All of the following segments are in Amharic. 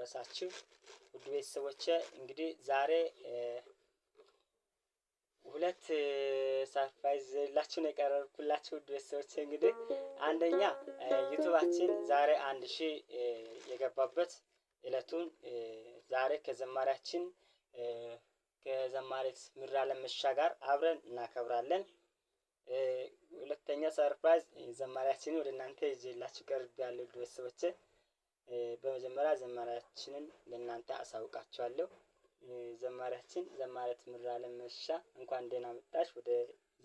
አደረሳችሁ ውድ ቤተሰቦቼ። እንግዲህ ዛሬ ሁለት ሰርፕራይዝ ላችሁ ነው የቀረብኩላችሁ ውድ ቤተሰቦቼ። እንግዲህ አንደኛ ዩቱባችን ዛሬ አንድ ሺህ የገባበት እለቱን ዛሬ ከዘማሪያችን ከዘማሪት ምራለም መሻ ጋር አብረን እናከብራለን። ሁለተኛ ሰርፕራይዝ ዘማሪያችን ወደ እናንተ ይዤላችሁ ቀርብ ያለው ቤተሰቦቼ በመጀመሪያ ዘማሪያችንን ለእናንተ አሳውቃችኋለሁ። ዘማሪያችን ዘማሪት ምድርዓለም መሻ እንኳን ደህና መጣሽ ወደ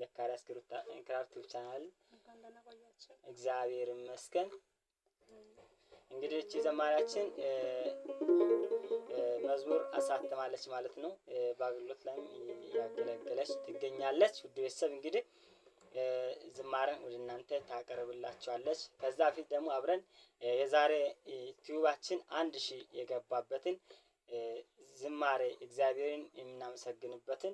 ዘካርያስ ክራር ክራፍት ቻናል። እግዚአብሔር ይመስገን። እንግዲህ እቺ ዘማሪያችን መዝሙር አሳትማለች ማለት ነው። በአገልግሎት ላይም እያገለገለች ትገኛለች። ውድ ቤተሰብ እንግዲህ ዝማሬን ወደ እናንተ ታቀርብላችኋለች። ከዛ ፊት ደግሞ አብረን የዛሬ ቲዩባችን አንድ ሺ የገባበትን ዝማሬ እግዚአብሔርን የምናመሰግንበትን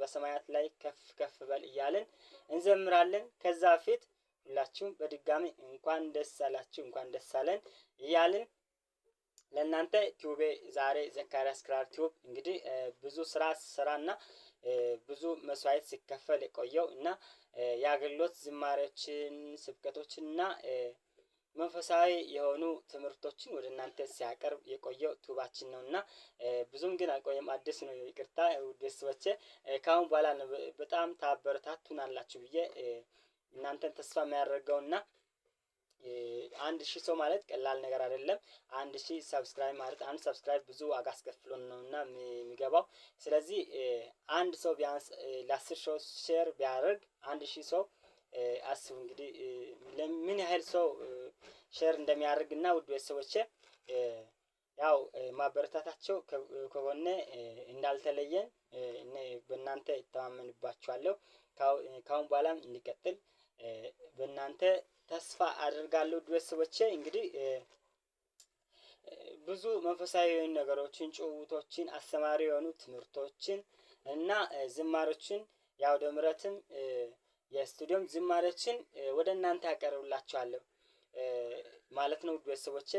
በሰማያት ላይ ከፍ ከፍ በል እያልን እንዘምራለን። ከዛ ፊት ሁላችሁም በድጋሚ እንኳን ደስ አላችሁ እንኳን ደስ አለን እያልን ለእናንተ ቲዩቤ ዛሬ ዘካርያስ ክራር ቲዩብ እንግዲህ ብዙ ስራ ስራና ብዙ መስዋዕት ሲከፈል የቆየው እና የአገልግሎት ዝማሬዎችን ስብከቶችን እና መንፈሳዊ የሆኑ ትምህርቶችን ወደ እናንተ ሲያቀርብ የቆየው ቱባችን ነው እና ብዙም ግን አልቆየም፣ አዲስ ነው። ይቅርታ ውድ ቤተሰቦቼ፣ ከአሁን በኋላ ነው በጣም ታበረታቱናላችሁ ብዬ እናንተን ተስፋ የሚያደርገውና አንድ ሺህ ሰው ማለት ቀላል ነገር አይደለም። አንድ ሺህ ሰብስክራይብ ማለት አንድ ሰብስክራይብ ብዙ ዋጋ አስከፍሎን ነው እና የሚገባው። ስለዚህ አንድ ሰው ቢያንስ ለአስር ሰው ሼር ቢያደርግ አንድ ሺህ ሰው አስቡ እንግዲህ ለምን ያህል ሰው ሼር እንደሚያደርግ እና ውድ ቤተሰቦቼ ያው ማበረታታቸው ከሆነ እንዳልተለየን በእናንተ ይተማመንባችኋለሁ። ካሁን በኋላም እንዲቀጥል በእናንተ ተስፋ አድርጋለሁ ቤተሰቦቼ እንግዲህ ብዙ መንፈሳዊ የሆኑ ነገሮችን፣ ጭውውቶችን፣ አስተማሪ የሆኑ ትምህርቶችን እና ዝማሮችን የአውደ ምሕረትም የስቱዲዮም ዝማሬዎችን ወደ እናንተ ያቀርብላችኋለሁ ማለት ነው። ቤተሰቦቼ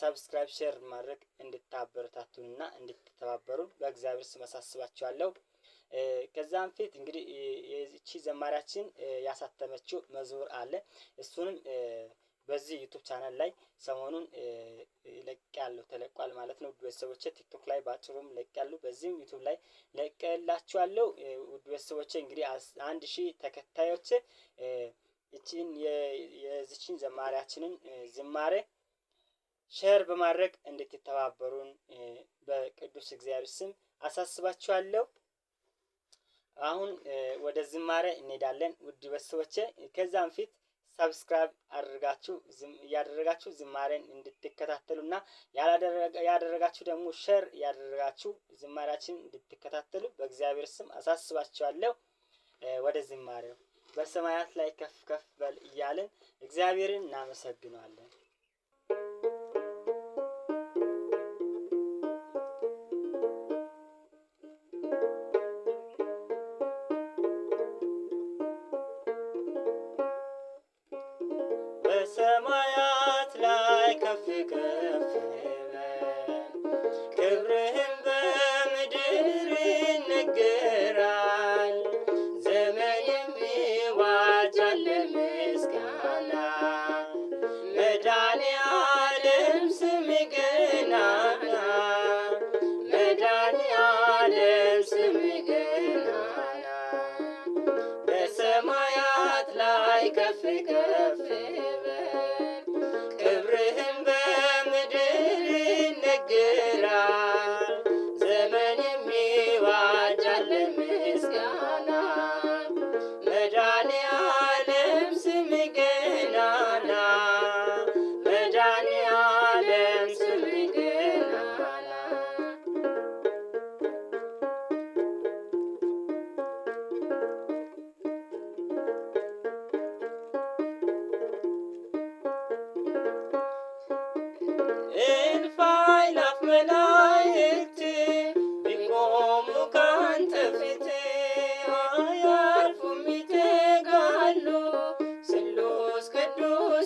ሰብስክራይብ፣ ሼር ማድረግ እንድታበረታቱንና እንድትተባበሩን በእግዚአብሔር ስም አሳስባችኋለሁ። ከዛም ፊት እንግዲህ ይቺ ዘማሪያችን ያሳተመችው መዝሙር አለ እሱንም በዚህ ዩቱብ ቻናል ላይ ሰሞኑን ለቅቄያለሁ ተለቋል ማለት ነው። ውድ ቲክቶክ ላይ በአጭሩም ለቅቄያለሁ፣ በዚህም ዩቱብ ላይ ለቅቄላችኋለሁ። ውድ ቤተሰቦቼ እንግዲህ አንድ ሺህ ተከታዮች እቺን የዚችን ዘማሪያችንን ዝማሬ ሼር በማድረግ እንድትተባበሩን በቅዱስ እግዚአብሔር ስም አሳስባችኋለሁ። አሁን ወደ ዝማሬ እንሄዳለን። ውድ ቤተሰቦቼ ከዛም ፊት ሰብስክራይብ አድርጋችሁ እያደረጋችሁ ዝማሬን እንድትከታተሉና ያደረጋችሁ ደግሞ ሸር ያደረጋችሁ ዝማሬያችን እንድትከታተሉ በእግዚአብሔር ስም አሳስባችኋለሁ። ወደ ዝማሬው በሰማያት ላይ ከፍ ከፍ በል እያልን እግዚአብሔርን እናመሰግነዋለን።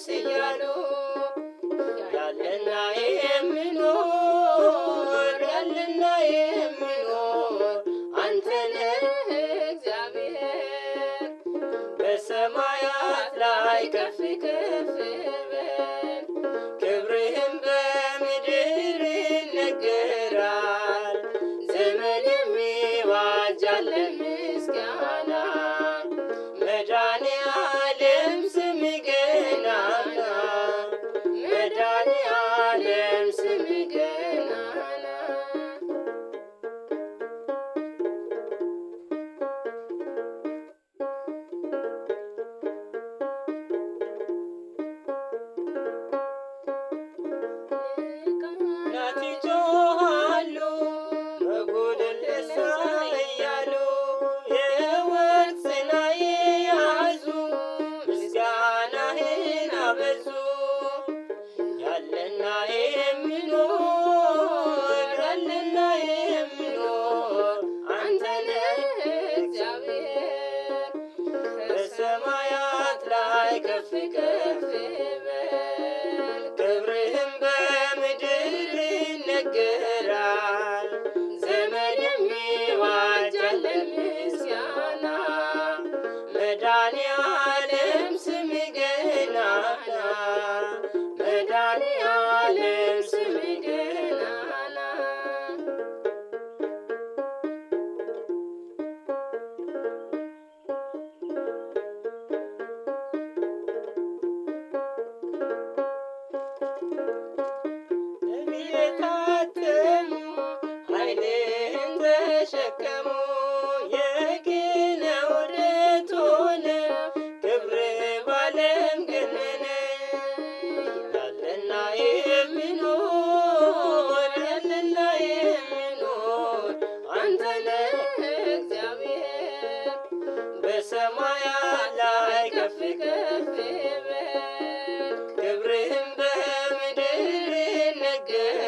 Señor, good.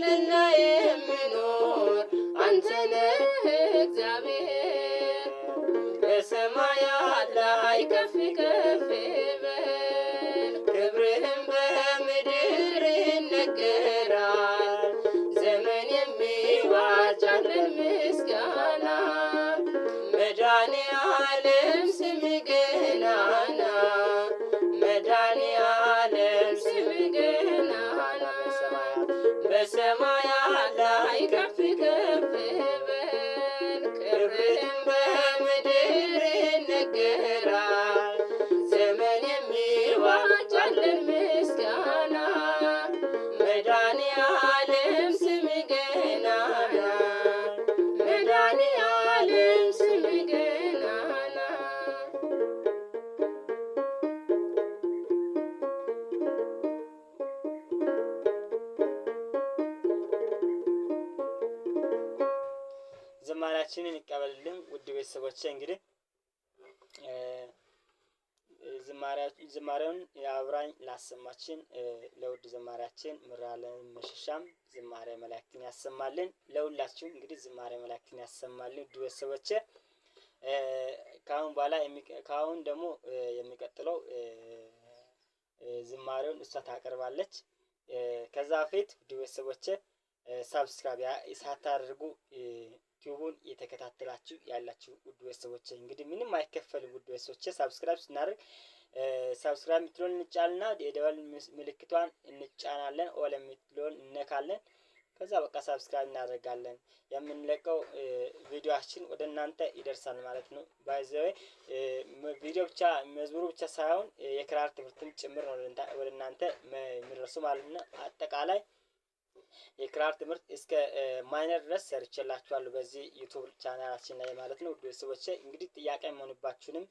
la la እንግዲህ ዝማሬውን የአብራኝ ላሰማችን ለውድ ዝማሬያችን ምራለን መሸሻም ዝማሬ መላእክትን ያሰማልን። ለሁላችሁም እንግዲህ ዝማሬ መላእክትን ያሰማልን። ውድ ቤተሰቦቼ ከአሁን በኋላ ከአሁን ደግሞ የሚቀጥለው ዝማሬውን እሷ ታቀርባለች። ከዛ በፊት ውድ ቤተሰቦቼ ሳብስክራይብ ሳታደርጉ ዩቲዩቡን እየተከታተላችሁ ያላችሁ ውድ ቤተሰቦቼ እንግዲህ ምንም አይከፈልም። ውድ ቤተሰቦቼ ሳብስክራይብ ስናደርግ ሳብስክራይብ የምትለውን እንጫልና የደወል ምልክቷን እንጫናለን። ኦል የምትለውን እነካለን። ከዛ በቃ ሳብስክራይብ እናደርጋለን። የምንለቀው ቪዲዮችን ወደ እናንተ ይደርሳል ማለት ነው። ባይዘዌ ቪዲዮ ብቻ መዝሙሩ ብቻ ሳይሆን የክራር ትምህርትም ጭምር ነው ወደ እናንተ የሚደርሱ ማለት ነው አጠቃላይ የክራር ትምህርት እስከ ማይነር ድረስ ሰርቼላችኋለሁ በዚህ ዩቱብ ቻናላችን ላይ ማለት ነው። ውድ ቤተሰቦች እንግዲህ ጥያቄ የሚሆንባችሁንም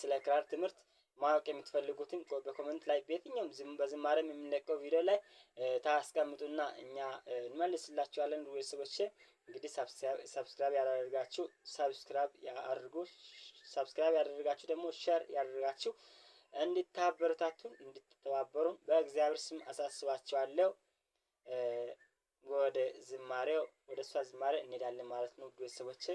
ስለ ክራር ትምህርት ማወቅ የምትፈልጉትን በኮመንት ላይ በየትኛውም በዝማሬም የምንለቀው ቪዲዮ ላይ ታስቀምጡና እኛ እንመልስላችኋለን። ውድ ቤተሰቦች እንግዲህ ሰብስክራይብ ያላደርጋችሁ ሰብስክራይብ አድርጉ። ሰብስክራይብ ያደርጋችሁ ደግሞ ሸር ያደርጋችሁ እንድታበረታቱን እንድትተባበሩን በእግዚአብሔር ስም አሳስባችኋለሁ። ወደ ዝማሬው ወደ እሷ ዝማሬ እንሄዳለን ማለት ነው ቤተሰቦቼ።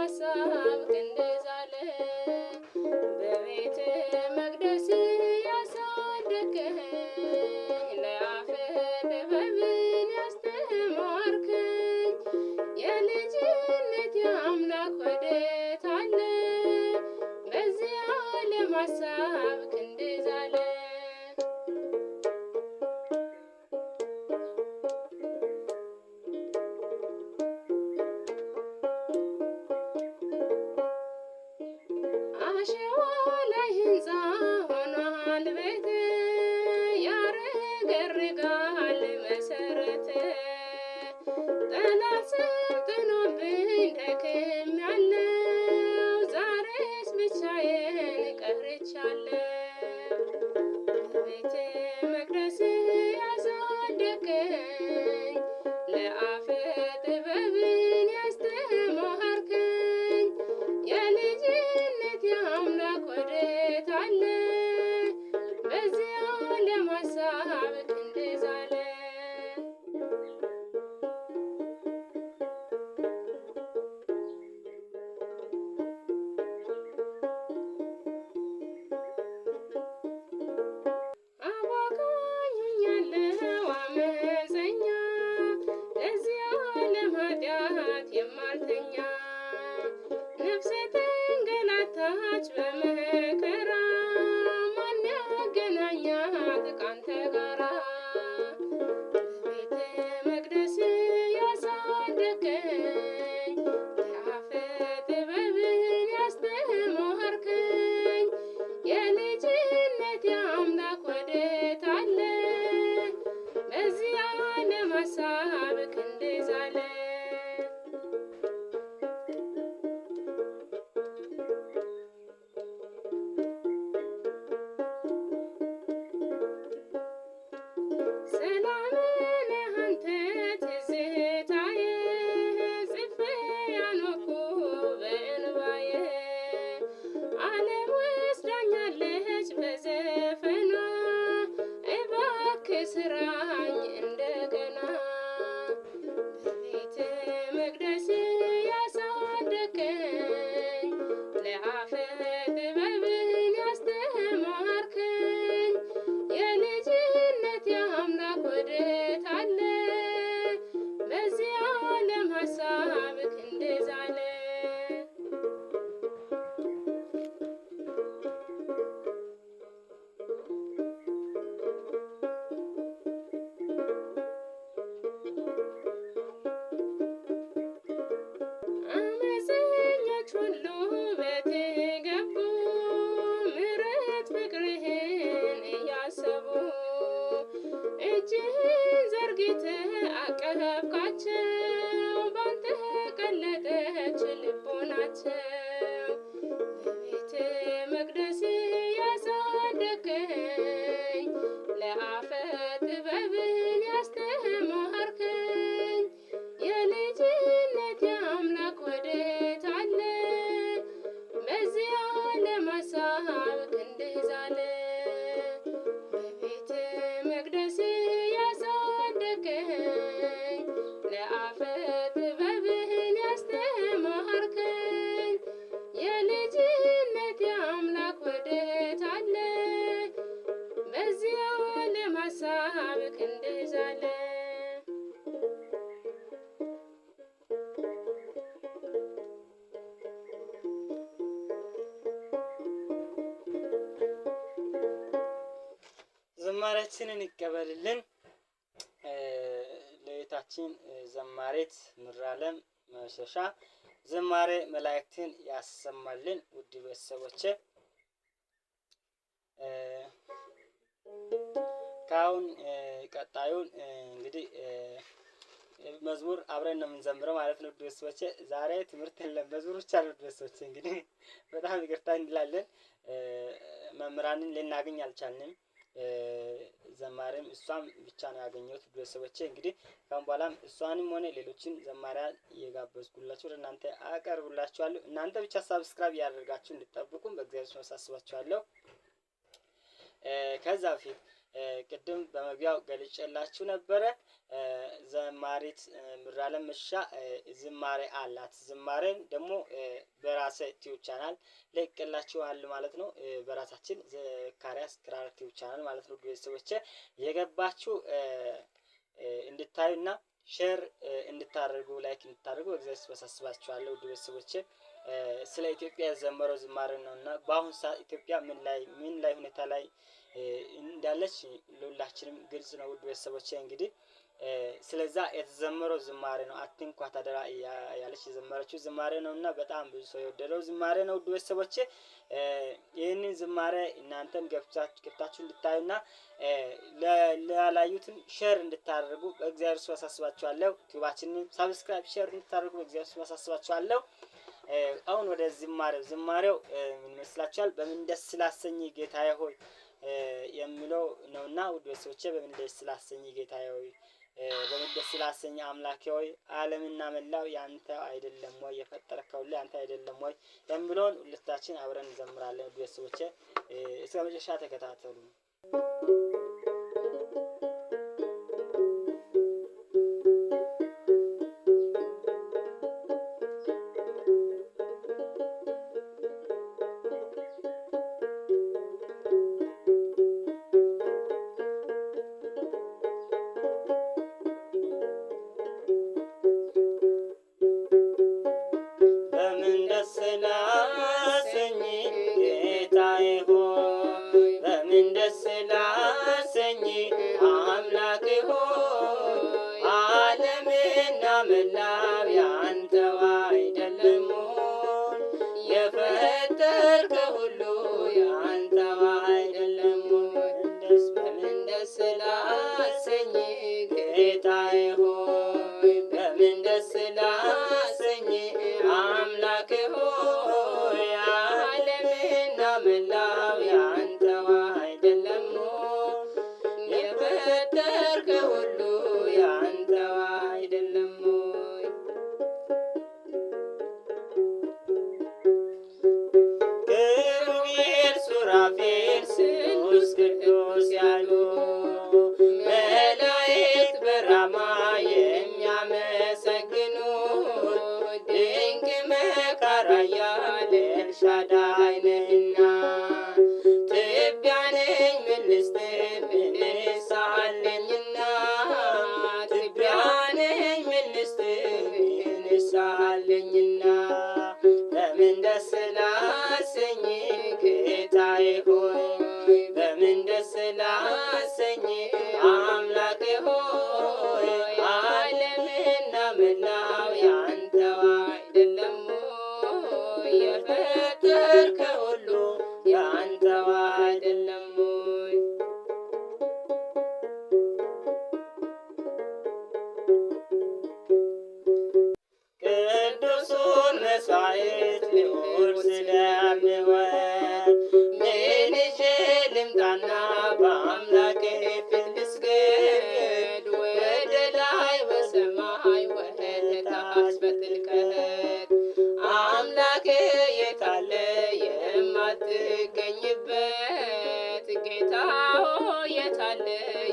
ሀሳብ ትንደዛለህ በታች በመከራ ማን ያገናኛት እንደዛለ ዝማሬያችንን ይቀበልልን። ለቤታችን ዘማሬት ምራለም መሸሻ ዝማሬ መላእክትን ያሰማልን። ውድ ቤተሰቦች ካሁን ቀጣዩን እንግዲህ መዝሙር አብረን ነው የምንዘምረው ማለት ነው። ድረሶቼ ዛሬ ትምህርት የለም መዝሙር ብቻ ነው። ድረሶቼ እንግዲህ በጣም ይቅርታ እንላለን። መምህራንን ልናገኝ አልቻልንም። ዘማሪም እሷም ብቻ ነው ያገኘሁት። ቤተሰቦቼ እንግዲህ ከም በኋላም እሷንም ሆነ ሌሎችን ዘማሪያ እየጋበዝኩላችሁ ለእናንተ እናንተ እናንተ ብቻ ሳብስክራይብ እያደረጋችሁ እንድጠብቁም በእግዚአብሔር ስም አሳስባችኋለሁ። ከዛ በፊት ቅድም በመግቢያው ገልጬላችሁ ነበረ። ዘማሪት ምራለም መሻ ዝማሬ አላት። ዝማሬን ደግሞ በራሴ ቲዩብ ቻናል ለቅላችኋል ማለት ነው። በራሳችን ዘካሪያስ ክራር ቲዩብ ቻናል ማለት ነው። ቤተሰቦቼ የገባችሁ እንድታዩና ሼር እንድታደርጉ ላይክ እንድታደርጉ እግዚአብሔር በሳስባችኋለሁ። ውድ ቤተሰቦቼ ስለ ኢትዮጵያ የዘመረው ዝማሬ ነው እና በአሁኑ ሰዓት ኢትዮጵያ ምን ላይ ምን ላይ ሁኔታ ላይ እንዳለች ለሁላችንም ግልጽ ነው። ውድ ቤተሰቦቼ እንግዲህ ስለዛ የተዘመረው ዝማሬ ነው። አትንኳት አደራ ያለች የዘመረችው ዝማሬ ነው እና በጣም ብዙ ሰው የወደደው ዝማሬ ነው። ውድ ቤተሰቦቼ ይህንን ዝማሬ እናንተም ገብታችሁ እንድታዩና ላላዩትም ሸር እንድታደርጉ በእግዚአብሔር ሱ አሳስባችኋለሁ። ዩቱባችንን ሳብስክራይብ፣ ሸር እንድታደርጉ በእግዚአብሔር ሱ አሳስባችኋለሁ። አሁን ወደ ዝማሬው ዝማሬው ምን ይመስላችኋል? በምን ደስ ስላሰኝ ጌታዬ ሆይ የሚለው ነውና ውድ ቤተሰቦቼ በምን ደስ ስላሰኘ ጌታዬ ሆይ በምን ደስ ስላሰኘ አምላኬ ሆይ ዓለምና መላው ያንተ አይደለም ወይ የፈጠረከው ሁሉ ያንተ አይደለም ወይ የምለውን ሁለታችን አብረን እንዘምራለን። ውድ ቤተሰቦቼ እስከ መጨረሻ ተከታተሉ። Hitae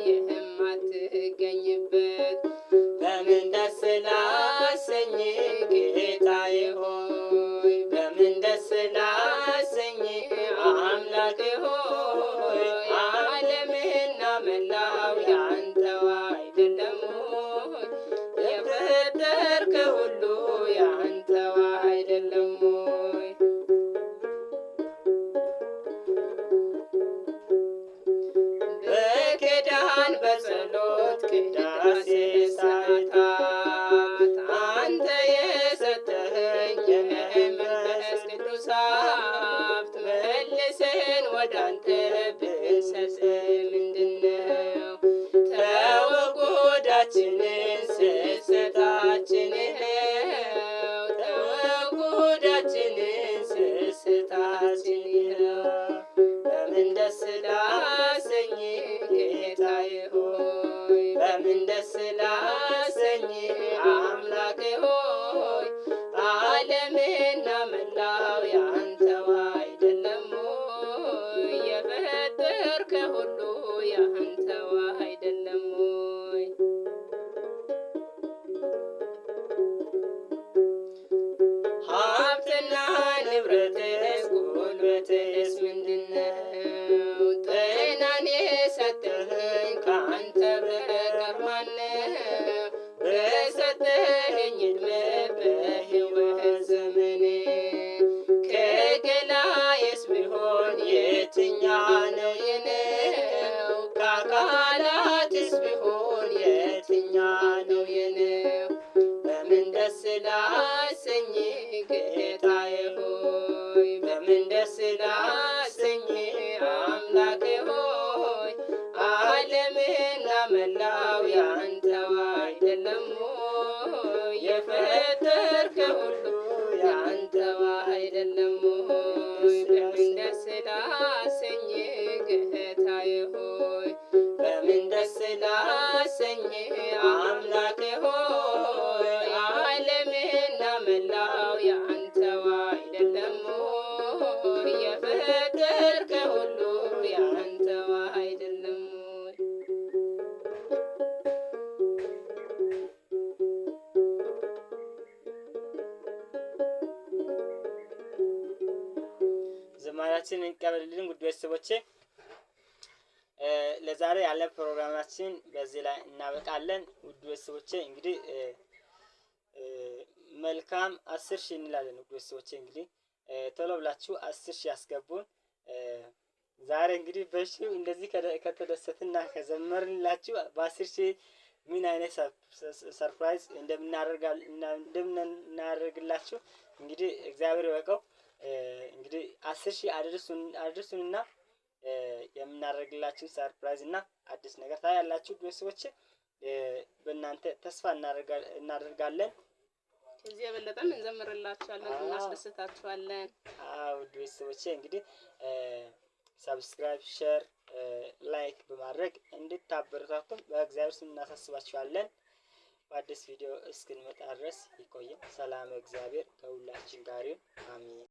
yeah, ወዳንተ ጉልበትስ ጉልበትስ ምንድነው? ጤናን የሰጠኸኝ ከአንተ በቀር ማነው? በሰጠኸኝ ዕድሜ በሕይወት ዘመኔ ከገላዬስ ቢሆን የትኛ ነው የነው? ከአካላትስ ቢሆን የትኛ ነው የነው? በምን ደስ ላል ቤተሰቦቼ ለዛሬ ያለ ፕሮግራማችን በዚህ ላይ እናበቃለን። ውድ ቤተሰቦቼ እንግዲህ መልካም አስር ሺህ እንላለን። ውድ ቤተሰቦቼ እንግዲህ ቶሎ ብላችሁ አስር ሺህ ያስገቡን። ዛሬ እንግዲህ በሺው እንደዚህ ከተደሰትና ከዘመርንላችሁ በአስር ሺህ ምን አይነት ሰርፕራይዝ እንደምናደርግላችሁ እንግዲህ እግዚአብሔር ይወቀው። እንግዲህ አስር ሺህ አድርሱንና የምናደርግላችሁ ሰርፕራይዝ እና አዲስ ነገር ታያላችሁ። ቤተሰቦች በእናንተ ተስፋ እናደርጋለን። ከዚህ የበለጠም እንዘምርላችኋለን፣ እናስደስታችኋለን። አዎ ቤተሰቦቼ እንግዲህ ሰብስክራይብ፣ ሼር፣ ላይክ በማድረግ እንድታበረታቱም በእግዚአብሔር ስም እናሳስባችኋለን። በአዲስ ቪዲዮ እስክንመጣ ድረስ ይቆየን። ሰላም እግዚአብሔር ከሁላችን ጋር ይሁን። አሜን።